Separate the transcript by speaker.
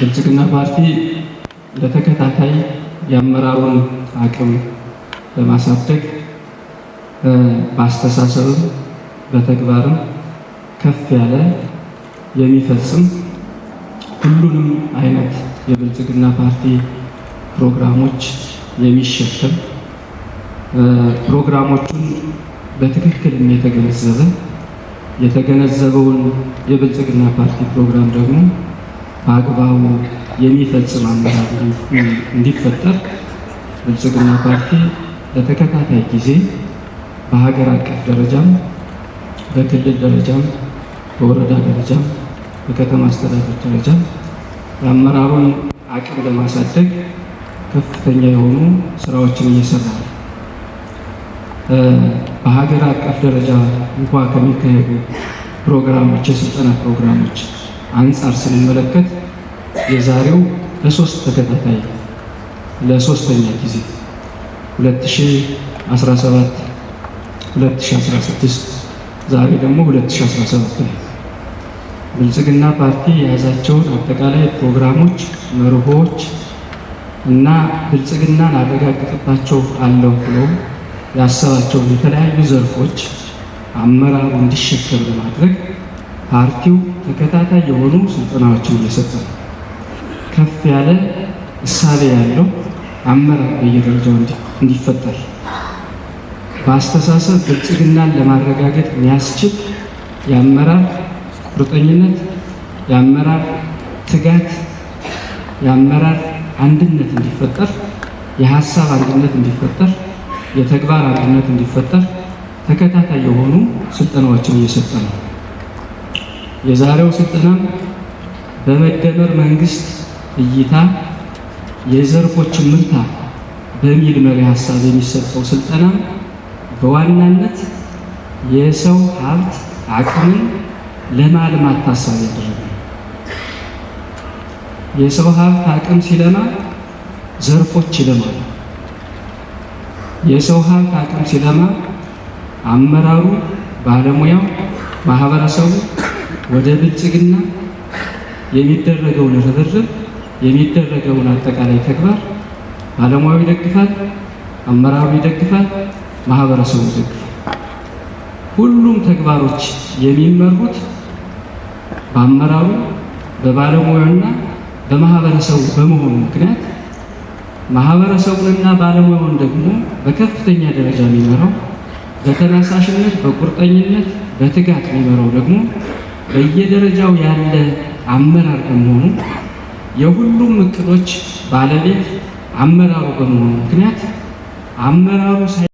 Speaker 1: ብልጽግና ፓርቲ ለተከታታይ የአመራሩን አቅም ለማሳደግ በአስተሳሰብም በተግባርም ከፍ ያለ የሚፈጽም ሁሉንም አይነት የብልጽግና ፓርቲ ፕሮግራሞች የሚሸከም ፕሮግራሞቹን በትክክል የተገነዘበ የተገነዘበውን የብልጽግና ፓርቲ ፕሮግራም ደግሞ በአግባቡ የሚፈጽም አመራር እንዲፈጠር ብልጽግና ፓርቲ ለተከታታይ ጊዜ በሀገር አቀፍ ደረጃም በክልል ደረጃም በወረዳ ደረጃም በከተማ አስተዳደር ደረጃም የአመራሩን አቅም ለማሳደግ ከፍተኛ የሆኑ ስራዎችን እየሰራ ነው። በሀገር አቀፍ ደረጃ እንኳ ከሚካሄዱ ፕሮግራሞች የስልጠና ፕሮግራሞች አንጻር ስንመለከት የዛሬው ለሶስት ተከታታይ ለሶስተኛ ጊዜ 2017 2016 ዛሬ ደግሞ 2017 ላይ ብልጽግና ፓርቲ የያዛቸውን አጠቃላይ ፕሮግራሞች፣ መርሆች እና ብልጽግናን አረጋግጥባቸው አለው ብሎ ያሰባቸውን የተለያዩ ዘርፎች አመራሩ እንዲሸከም ለማድረግ ፓርቲው ተከታታይ የሆኑ ስልጠናዎችን እየሰጠ ከፍ ያለ እሳቤ ያለው አመራር በየደረጃው እንዲፈጠር በአስተሳሰብ ብልጽግናን ለማረጋገጥ የሚያስችል የአመራር ቁርጠኝነት፣ የአመራር ትጋት፣ የአመራር አንድነት እንዲፈጠር፣ የሀሳብ አንድነት እንዲፈጠር፣ የተግባር አንድነት እንዲፈጠር ተከታታይ የሆኑ ስልጠናዎችን እየሰጠ ነው። የዛሬው ስልጠና በመደመር መንግስት እይታ የዘርፎችን ምልታ በሚል መሪ ሀሳብ የሚሰጠው ስልጠና በዋናነት የሰው ሀብት አቅምን ለማልማት ታሳቢ ያደረገ የሰው ሀብት አቅም ሲለማ ዘርፎች ይለማሉ። የሰው ሀብት አቅም ሲለማ አመራሩ፣ ባለሙያው፣ ማህበረሰቡ ወደ ብልጽግና የሚደረገውን ርብርብ የሚደረገውን አጠቃላይ ተግባር ባለሙያው ይደግፋል፣ አመራሩ ይደግፋል፣ ማህበረሰቡ ይደግፋል። ሁሉም ተግባሮች የሚመሩት በአመራሩ በባለሙያውና በማህበረሰቡ በመሆኑ ምክንያት ማህበረሰቡንና ባለሙያውን ደግሞ በከፍተኛ ደረጃ የሚመራው በተነሳሽነት፣ በቁርጠኝነት፣ በትጋት የሚመራው ደግሞ በየደረጃው ያለ አመራር በመሆኑ የሁሉም እቅዶች ባለቤት አመራሩ በመሆኑ ምክንያት አመራሩ